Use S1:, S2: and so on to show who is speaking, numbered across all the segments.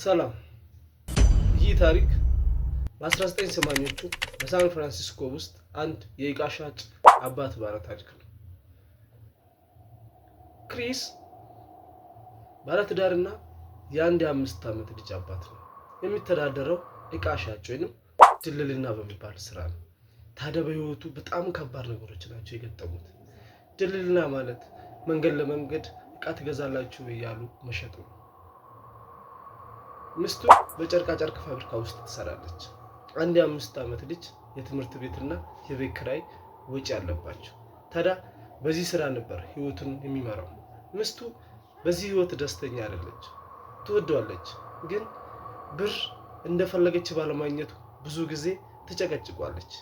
S1: ሰላም። ይህ ታሪክ በ1980ዎቹ በሳን ፍራንሲስኮ ውስጥ አንድ የእቃ ሻጭ አባት ባለ ታሪክ ነው። ክሪስ ባለትዳርና የአንድ የአምስት ዓመት ልጅ አባት ነው። የሚተዳደረው እቃ ሻጭ ወይንም ድልልና በሚባል ስራ ነው። ታዲያ በህይወቱ በጣም ከባድ ነገሮች ናቸው የገጠሙት። ድልልና ማለት መንገድ ለመንገድ እቃ ትገዛላችሁ እያሉ መሸጥ ነው። ሚስቱ በጨርቃ ጨርቅ ፋብሪካ ውስጥ ትሰራለች። አንድ የአምስት ዓመት ልጅ የትምህርት ቤትና የቤት ኪራይ ወጪ አለባቸው። ታዲያ በዚህ ስራ ነበር ህይወቱን የሚመራው። ሚስቱ በዚህ ህይወት ደስተኛ አይደለች። ትወደዋለች፣ ግን ብር እንደፈለገች ባለማግኘቱ ብዙ ጊዜ ትጨቀጭቋለች።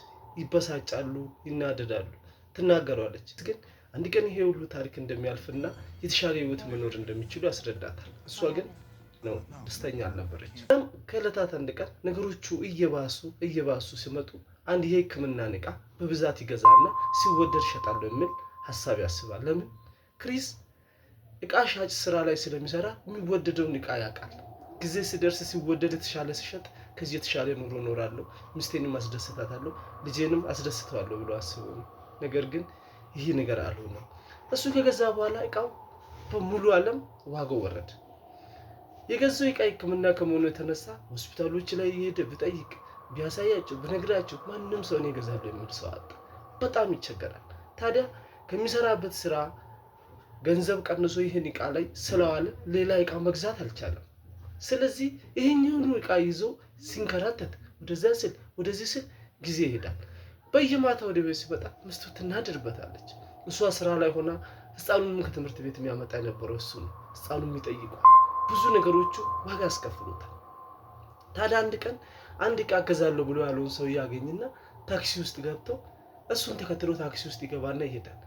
S1: ይበሳጫሉ፣ ይናደዳሉ፣ ትናገሯለች። ግን አንድ ቀን ይሄ ሁሉ ታሪክ እንደሚያልፍና የተሻለ ህይወት መኖር እንደሚችሉ ያስረዳታል። እሷ ግን ነው። ደስተኛ አልነበረች። ከእለታት አንድ ቀን ነገሮቹ እየባሱ እየባሱ ሲመጡ አንድ የሕክምና እቃ በብዛት ይገዛና ሲወደድ ሸጣለሁ የሚል ሀሳብ ያስባል። ለምን ክሪስ እቃ ሻጭ ስራ ላይ ስለሚሰራ የሚወደደውን እቃ ያውቃል። ጊዜ ሲደርስ ሲወደድ የተሻለ ሲሸጥ ከዚህ የተሻለ ኑሮ እኖራለሁ፣ ሚስቴንም አስደስታታለሁ፣ ልጄንም አስደስተዋለሁ ብሎ አስበ ነው። ነገር ግን ይህ ነገር አልሆነም። እሱ ከገዛ በኋላ እቃው በሙሉ ዓለም ዋጋው ወረድ የገዛው የዕቃ ህክምና ከመሆኑ የተነሳ ሆስፒታሎች ላይ እየሄደ ብጠይቅ ቢያሳያቸው ብነግራቸው ማንም ሰው እኔ ገዛ የሚል ሰው አጣ። በጣም ይቸገራል። ታዲያ ከሚሰራበት ስራ ገንዘብ ቀንሶ ይህን እቃ ላይ ስለዋለ ሌላ እቃ መግዛት አልቻለም። ስለዚህ ይህን ሁሉ ይዞ ሲንከራተት ወደዚያ ስል ወደዚህ ስል ጊዜ ይሄዳል። በየማታ ወደ ቤት ሲመጣ ሚስቱ ትናድርበታለች። እሷ ስራ ላይ ሆና ህፃኑንም ከትምህርት ቤት የሚያመጣ የነበረው እሱ ነው። ህፃኑም ይጠይቋል። ብዙ ነገሮቹ ዋጋ ያስከፍሉታል። ታዲያ አንድ ቀን አንድ እቃ እገዛለሁ ብሎ ያለውን ሰው ያገኝና ታክሲ ውስጥ ገብተው እሱን ተከትሎ ታክሲ ውስጥ ይገባና ይሄዳል።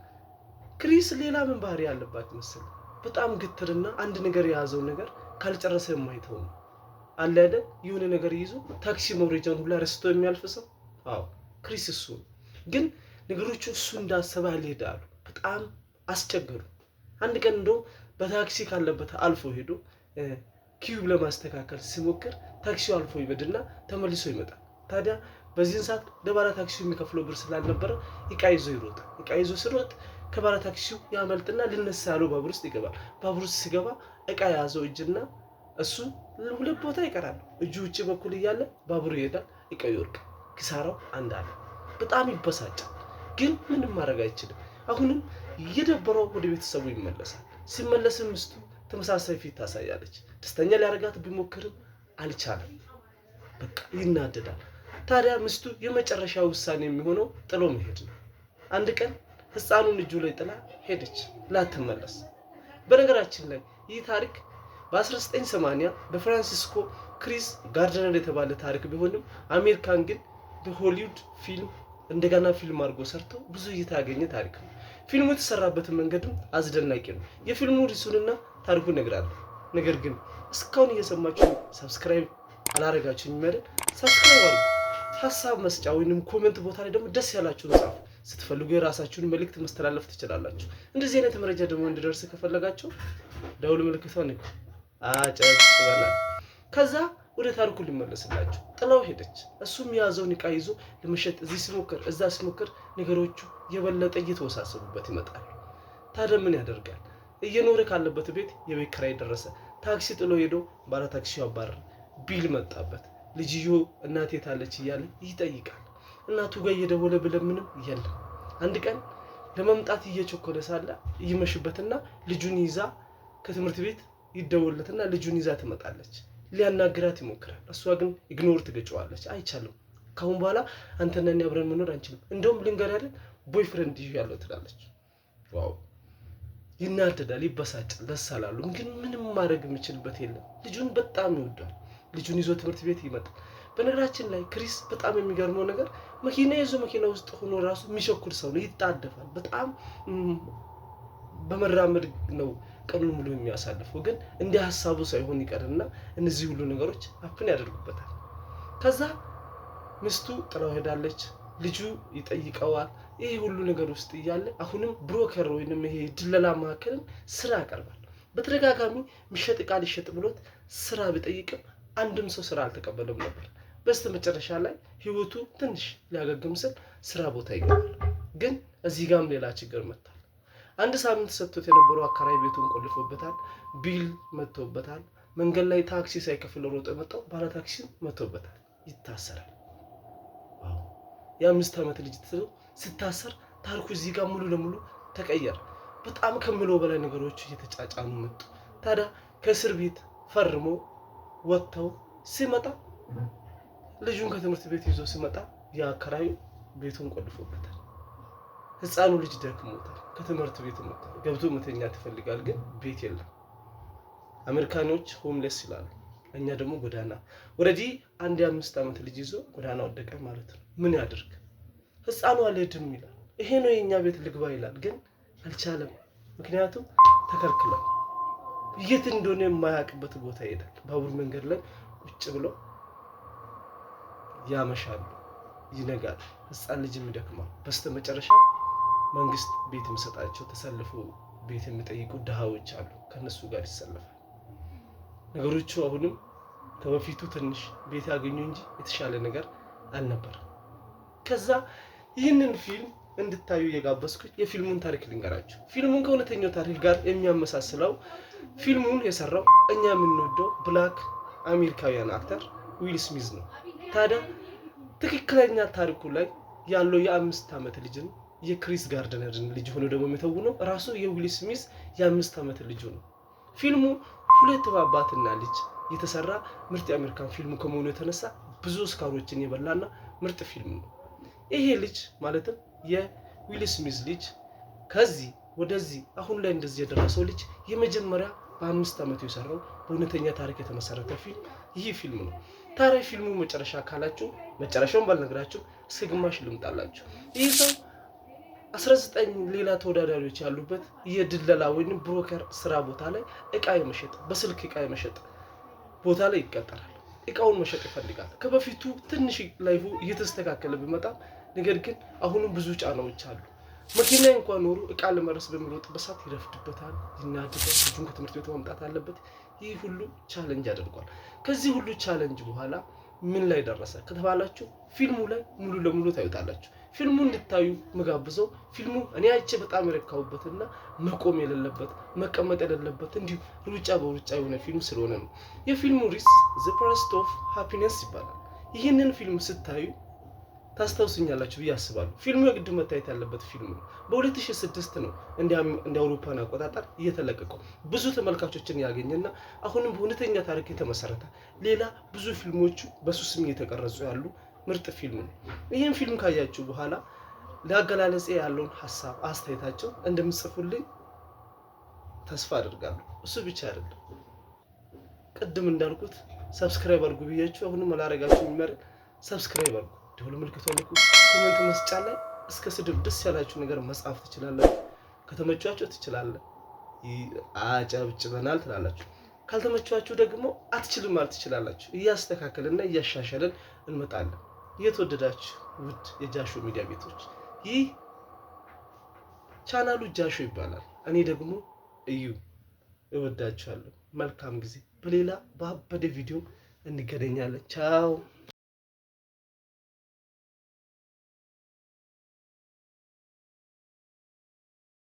S1: ክሪስ ሌላ ምን ባህሪ ያለባት መሰለህ? በጣም ግትርና አንድ ነገር የያዘውን ነገር ካልጨረሰ የማይተው ነው አለ አይደል? የሆነ ነገር ይዞ ታክሲ መውረጃውን ሁላ ረስቶ የሚያልፍ ሰው። አዎ ክሪስ እሱ ግን ነገሮቹ እሱ እንዳሰበ አልሄዳሉ። በጣም አስቸገሩ። አንድ ቀን እንደውም በታክሲ ካለበት አልፎ ሄዶ ኪዩብ ለማስተካከል ሲሞክር ታክሲው አልፎ ይበድና ተመልሶ ይመጣል። ታዲያ በዚህን ሰዓት ለባለ ታክሲው የሚከፍለው ብር ስላልነበረ እቃ ይዞ ይሮጣል። እቃ ይዞ ስሮጥ ከባለ ታክሲው ያመልጥና ልነሳ ያለው ባቡር ውስጥ ይገባል። ባቡር ውስጥ ሲገባ እቃ የያዘው እጅና እሱ ሁለት ቦታ ይቀራል። እጁ ውጭ በኩል እያለ ባቡር ይሄዳል፣ እቃው ይወርቅ ኪሳራው አንድ አለ። በጣም ይበሳጫል፣ ግን ምንም ማድረግ አይችልም። አሁንም እየደበረው ወደ ቤተሰቡ ይመለሳል። ሲመለስም ሚስቱ ተመሳሳይ ፊት ታሳያለች። ደስተኛ ሊያደርጋት ቢሞክርም አልቻለም። በቃ ይናደዳል። ታዲያ ሚስቱ የመጨረሻ ውሳኔ የሚሆነው ጥሎ መሄድ ነው። አንድ ቀን ሕፃኑን እጁ ላይ ጥላ ሄደች፣ ላትመለስ። በነገራችን ላይ ይህ ታሪክ በ1980 በፍራንሲስኮ ክሪስ ጋርደነር የተባለ ታሪክ ቢሆንም አሜሪካን ግን በሆሊውድ ፊልም እንደገና ፊልም አድርጎ ሰርተው ብዙ እይታ ያገኘ ታሪክ ነው። ፊልሙ የተሰራበትን መንገድም አስደናቂ ነው። የፊልሙ ርዕሱንና ታሪኩ እነግራለሁ። ነገር ግን እስካሁን እየሰማችሁ ሰብስክራይብ አላረጋችሁ የሚመርን ሰብስክራይብ አሉ። ሀሳብ መስጫ ወይንም ኮመንት ቦታ ላይ ደግሞ ደስ ያላችሁን ጻፉ። ስትፈልጉ የራሳችሁን መልእክት ማስተላለፍ ትችላላችሁ። እንደዚህ አይነት መረጃ ደግሞ እንድደርስ ከፈለጋችሁ ደውል ምልክቷን አጨብጭበናል። ከዛ ወደ ታሪኩ ሊመለስላችሁ ጥላው ሄደች። እሱም የያዘውን እቃ ይዞ ለመሸጥ እዚህ ሲሞክር እዛ ሲሞክር ነገሮቹ የበለጠ እየተወሳሰቡበት ይመጣል። ታዲያ ምን ያደርጋል? እየኖረ ካለበት ቤት የቤት ኪራይ ደረሰ። ታክሲ ጥሎ ሄዶ ባለ ታክሲው አባረረ። ቢል መጣበት። ልጅዮ እናቴ ታለች እያለ ይጠይቃል። እናቱ ጋር እየደወለ ብለምንም የለም። አንድ ቀን ለመምጣት እየቸኮለ ሳለ ይመሽበትና ልጁን ይዛ ከትምህርት ቤት ይደወለትና ልጁን ይዛ ትመጣለች። ሊያናግራት ይሞክራል። እሷ ግን ኢግኖር ትገጨዋለች። አይቻልም፣ ካሁን በኋላ አንተና እኔ አብረን መኖር አንችልም። እንደውም ልንገር ያለን ቦይፍሬንድ ያለው ትላለች። ዋው ይናደዳል፣ ይበሳጫል፣ ደስ አላሉም። ግን ምንም ማድረግ የምችልበት የለም። ልጁን በጣም ይወዷል። ልጁን ይዞ ትምህርት ቤት ይመጣል። በነገራችን ላይ ክሪስ በጣም የሚገርመው ነገር መኪና ይዞ መኪና ውስጥ ሆኖ ራሱ የሚሸኩል ሰው ነው። ይጣደፋል። በጣም በመራመድ ነው ቀኑን ሙሉ የሚያሳልፈው። ግን እንደ ሀሳቡ ሳይሆን ይቀርና እነዚህ ሁሉ ነገሮች አፍን ያደርጉበታል። ከዛ ሚስቱ ጥራው ሄዳለች። ልጁ ይጠይቀዋል። ይሄ ሁሉ ነገር ውስጥ እያለ አሁንም ብሮከር ወይንም ይሄ ድለላ ማዕከልን ስራ ያቀርባል። በተደጋጋሚ የሚሸጥ ዕቃ ብሎት ስራ ቢጠይቅም አንድም ሰው ስራ አልተቀበለም ነበር። በስተ መጨረሻ ላይ ህይወቱ ትንሽ ሊያገግም ስል ስራ ቦታ ይገባል። ግን እዚህ ጋም ሌላ ችግር መጥቷል። አንድ ሳምንት ሰጥቶት የነበረው አከራይ ቤቱን ቆልፎበታል። ቢል መጥቶበታል። መንገድ ላይ ታክሲ ሳይከፍል ሮጦ የመጣው ባለታክሲ መጥቶበታል። ይታሰራል። የአምስት ዓመት ልጅ ስታሰር ታሪኩ እዚህ ጋር ሙሉ ለሙሉ ተቀየረ። በጣም ከምለው በላይ ነገሮች እየተጫጫኑ መጡ። ታዲያ ከእስር ቤት ፈርሞ ወጥተው ሲመጣ ልጁን ከትምህርት ቤት ይዞ ሲመጣ የአከራዩ ቤቱን ቆልፎበታል። ህፃኑ ልጅ ደክሞታል። ከትምህርት ቤት ገብቶ መተኛ ትፈልጋል፣ ግን ቤት የለም። አሜሪካኖች ሆምለስ ይላሉ። እኛ ደግሞ ጎዳና ወረዲ አንድ የአምስት ዓመት ልጅ ይዞ ጎዳና ወደቀ ማለት ነው። ምን ያድርግ? ህፃኑ አልሄድም ይላል። ይሄ ነው የእኛ ቤት ልግባ ይላል፣ ግን አልቻለም። ምክንያቱም ተከልክሏል። የት እንደሆነ የማያውቅበት ቦታ ይሄዳል። ባቡር መንገድ ላይ ቁጭ ብሎ ያመሻሉ፣ ይነጋል። ህፃን ልጅም ይደክማል። በስተ መጨረሻ መንግስት ቤት የሚሰጣቸው ተሰልፎ ቤት የሚጠይቁ ድሃዎች አሉ። ከእነሱ ጋር ይሰለፋል። ነገሮቹ አሁንም ከበፊቱ ትንሽ ቤት ያገኙ እንጂ የተሻለ ነገር አልነበረም። ከዛ ይህንን ፊልም እንድታዩ እየጋበዝኩ የፊልሙን ታሪክ ልንገራችሁ። ፊልሙን ከእውነተኛው ታሪክ ጋር የሚያመሳስለው ፊልሙን የሰራው እኛ የምንወደው ብላክ አሜሪካውያን አክተር ዊል ስሚዝ ነው። ታዲያ ትክክለኛ ታሪኩ ላይ ያለው የአምስት ዓመት ልጅን የክሪስ ጋርደነርን ልጅ ሆኖ ደግሞ የሚተውነው ራሱ የዊል ስሚዝ የአምስት ዓመት ልጁ ነው። ፊልሙ ሁለት በአባትና ልጅ የተሰራ ምርጥ የአሜሪካን ፊልም ከመሆኑ የተነሳ ብዙ ስካሮችን የበላና ምርጥ ፊልም ነው። ይሄ ልጅ ማለትም የዊል ስሚዝ ልጅ ከዚህ ወደዚህ አሁን ላይ እንደዚህ የደረሰው ልጅ የመጀመሪያ በአምስት ዓመቱ የሰራው በእውነተኛ ታሪክ የተመሰረተ ፊልም ይህ ፊልም ነው። ታሪክ ፊልሙ መጨረሻ ካላችሁ መጨረሻውን ባልነግራችሁ እስከ ግማሽ ልምጣላችሁ። ይህ ሰው 19 ሌላ ተወዳዳሪዎች ያሉበት የድለላ ወይም ብሮከር ስራ ቦታ ላይ እቃ የመሸጥ በስልክ እቃ የመሸጥ ቦታ ላይ ይቀጠራል። እቃውን መሸጥ ይፈልጋል። ከበፊቱ ትንሽ ላይፉ እየተስተካከለ ቢመጣም ነገር ግን አሁንም ብዙ ጫናዎች አሉ። መኪና እንኳን ኖሮ እቃ ለመድረስ በሚሮጥበት ሰዓት ይረፍድበታል፣ ይናድበት፣ ልጁን ከትምህርት ቤት መምጣት አለበት። ይህ ሁሉ ቻለንጅ አድርጓል። ከዚህ ሁሉ ቻለንጅ በኋላ ምን ላይ ደረሰ ከተባላችሁ ፊልሙ ላይ ሙሉ ለሙሉ ታዩታላችሁ። ፊልሙ እንድታዩ ምጋብዘው። ፊልሙ እኔ አይቼ በጣም የረካሁበትና መቆም የሌለበት መቀመጥ የሌለበት እንዲሁ ሩጫ በሩጫ የሆነ ፊልም ስለሆነ ነው። የፊልሙ ሪስ ዘ ፕረስት ኦፍ ሃፒነስ ይባላል። ይህንን ፊልም ስታዩ ታስታውሱኛላችሁ ብዬ አስባለሁ። ፊልሙ የግድ መታየት ያለበት ፊልም ነው። በ2006 ነው እንደ አውሮፓን አቆጣጠር እየተለቀቀው ብዙ ተመልካቾችን ያገኘና አሁንም በእውነተኛ ታሪክ የተመሰረተ ሌላ ብዙ ፊልሞቹ በሱ ስም እየተቀረጹ ያሉ ምርጥ ፊልም ነው። ይህን ፊልም ካያችሁ በኋላ ለአገላለጼ ያለውን ሀሳብ አስተያየታቸው እንደምጽፉልኝ ተስፋ አድርጋለሁ። እሱ ብቻ አይደለም ቅድም እንዳልኩት ሰብስክራይብ አድርጉ ብያችሁ አሁንም አላረጋችሁ የሚመር ሰብስክራይብ አድርጉ፣ ደወል ምልክቱ አድርጉ። ኮሜንት መስጫ ላይ እስከ ስድብ ደስ ያላችሁ ነገር መጻፍ ትችላላችሁ። ከተመቿችሁ ትችላለ አጨብጭበናል ትላላችሁ። ካልተመቿችሁ ደግሞ አትችልም ማለት ትችላላችሁ። እያስተካከልና እያሻሻለን እንመጣለን። የተወደዳችሁ ውድ የጃሾ ሚዲያ ቤቶች ይህ ቻናሉ ጃሾ ይባላል። እኔ ደግሞ እዩ እወዳችኋለሁ። መልካም ጊዜ። በሌላ በአበደ ቪዲዮ እንገናኛለን። ቻው